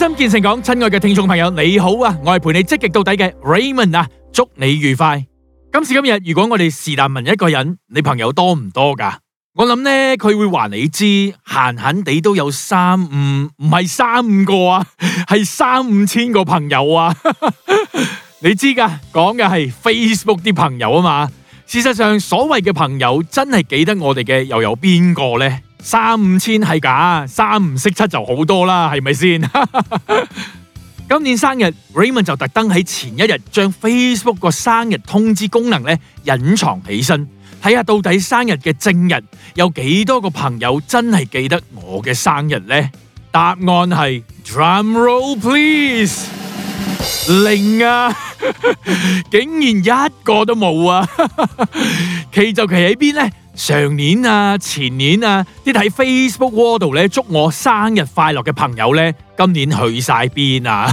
開心見誠講，親愛嘅聽眾朋友你好啊，我係陪你積極到底嘅 Raymond 啊，祝你愉快。今時今日，如果我哋是但問一個人，你朋友多唔多噶？我諗呢佢會話你知，閒閒地都有三五，唔係三五個啊，係三五千個朋友啊，你知噶？講嘅係 Facebook 啲朋友啊嘛。事實上，所謂嘅朋友真係記得我哋嘅又有邊個呢？三五千係假，三五識七就好多啦，係咪先？今年生日 Raymond 就特登喺前一日將 Facebook 個生日通知功能咧隱藏起身，睇下到底生日嘅正日有幾多個朋友真係記得我嘅生日咧？答案係 Drum roll please，零啊，竟然一個都冇啊，奇就奇喺邊咧？上年啊，前年啊，啲喺 Facebook World 度呢，祝我生日快樂嘅朋友呢,今年去晒邊啊？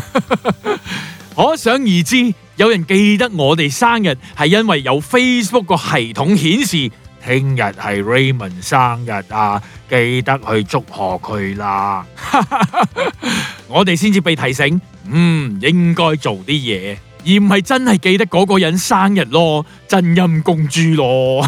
可想而知，有人記得我哋生日係因為有 Facebook 個系統顯示，聽日係 Raymond 生日啊，記得去祝賀佢啦。我哋先至被提醒，嗯，應該做啲嘢。 而唔係真係記得嗰個人生日咯，真陰公豬咯。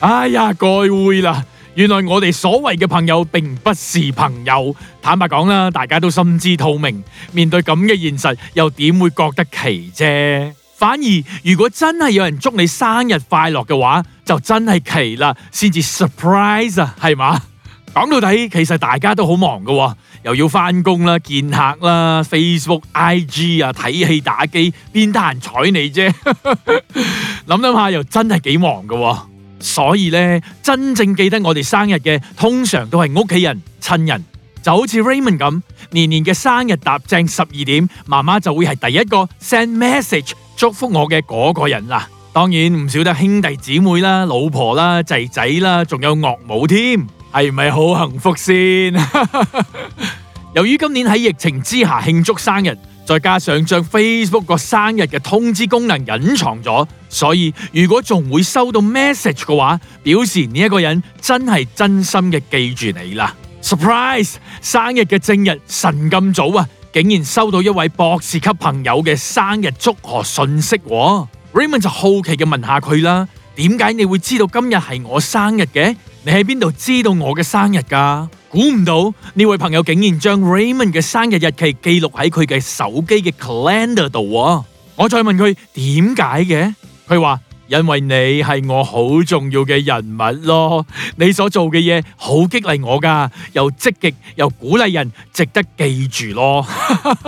哎呀，該煨啦，原來我哋所謂嘅朋友並不是朋友。坦白講啦，大家都心知肚明，面對咁嘅現實，又點會覺得奇啫？反而如果真係有人祝你生日快樂嘅話，就真係奇啦，先至 surprise 啊，係嘛？講到底，其實大家都好忙噶，又要翻工啦、見客啦、Facebook、IG 啊、睇戲打機，邊得閒睬你啫？諗諗下又真係幾忙噶，所以咧真正記得我哋生日嘅，通常都係屋企人、親人，就好似 Raymond 咁，年年嘅生日踏正十二點，媽媽就會係第一個 send message 祝福我嘅嗰個人啦。當然唔少得兄弟姊妹啦、老婆啦、仔仔啦，仲有岳母添。係咪好幸福先？ 由於今年喺疫情之下慶祝生日，再加上將 Facebook 個生日嘅通知功能隱藏咗，所以如果仲會收到 message 嘅話，表示呢一個人真係真心嘅記住你啦。Surprise！生日嘅正日晨咁早啊，竟然收到一位博士級朋友嘅生日祝賀信息。Raymond 就好奇嘅問下佢啦。點解你會知道今日係我生日嘅？你喺邊度知道我嘅生日噶？估唔到呢位朋友竟然將 Raymond 嘅生日日期記錄喺佢嘅手機嘅 calendar、er、度啊！我再問佢點解嘅，佢話因為你係我好重要嘅人物咯，你所做嘅嘢好激勵我噶，又積極又鼓勵人，值得記住咯。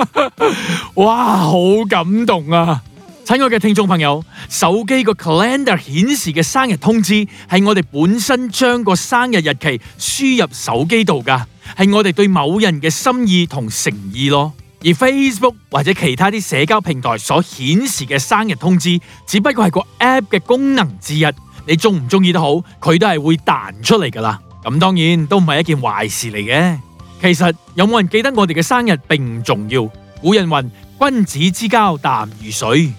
哇，好感動啊！睇我嘅聽眾朋友，手機個 calendar 顯示嘅生日通知係我哋本身將個生日日期輸入手機度噶，係我哋對某人嘅心意同誠意咯。而 Facebook 或者其他啲社交平台所顯示嘅生日通知，只不過係個 app 嘅功能之一。你鍾唔鍾意都好，佢都係會彈出嚟噶啦。咁當然都唔係一件壞事嚟嘅。其實有冇人記得我哋嘅生日並唔重要。古人云：君子之交淡如水。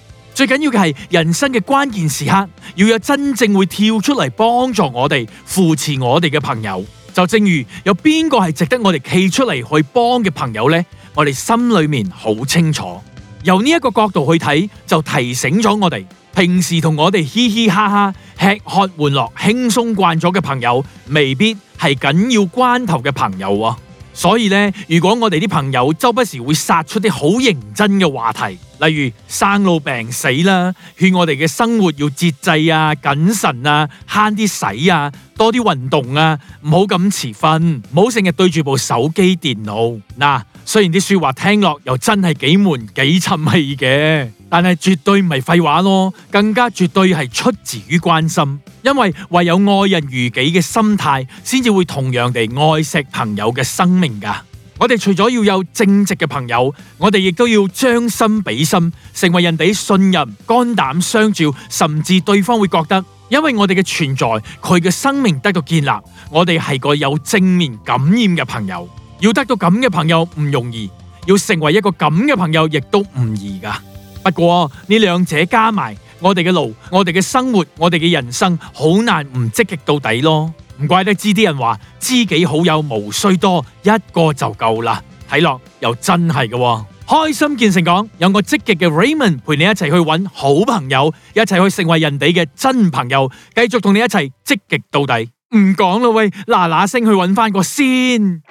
最緊要嘅係人生嘅關鍵時刻，要有真正會跳出嚟幫助我哋扶持我哋嘅朋友。就正如有邊個係值得我哋企出嚟去幫嘅朋友呢？我哋心裏面好清楚。由呢一個角度去睇，就提醒咗我哋平時同我哋嘻嘻哈哈、吃喝玩樂、輕鬆慣咗嘅朋友，未必係緊要關頭嘅朋友喎。所以咧，如果我哋啲朋友周不時會殺出啲好認真嘅話題，例如生老病死啦，勸我哋嘅生活要節制啊、謹慎啊、慳啲使啊、多啲運動啊，唔好咁遲瞓，唔好成日對住部手機、電腦嗱。雖然啲說話聽落又真係幾悶幾沉氣嘅。但係絕對唔係廢話咯，更加絕對係出自於關心，因為唯有愛人如己嘅心態，先至會同樣地愛惜朋友嘅生命噶。我哋除咗要有正直嘅朋友，我哋亦都要將心比心，成為人哋信任、肝膽相照，甚至對方會覺得，因為我哋嘅存在，佢嘅生命得到建立。我哋係個有正面感染嘅朋友，要得到咁嘅朋友唔容易，要成為一個咁嘅朋友亦都唔易噶。不過呢兩者加埋，我哋嘅路，我哋嘅生活、我哋嘅人生，好難唔積極到底咯。唔怪得知啲人話，知己好友無需多，一個就夠啦。睇落又真係嘅，開心見誠講，有個積極嘅 Raymond 陪你一齊去搵好朋友，一齊去成為人哋嘅真朋友，繼續同你一齊積極到底。唔講啦喂，嗱嗱聲去搵翻個先。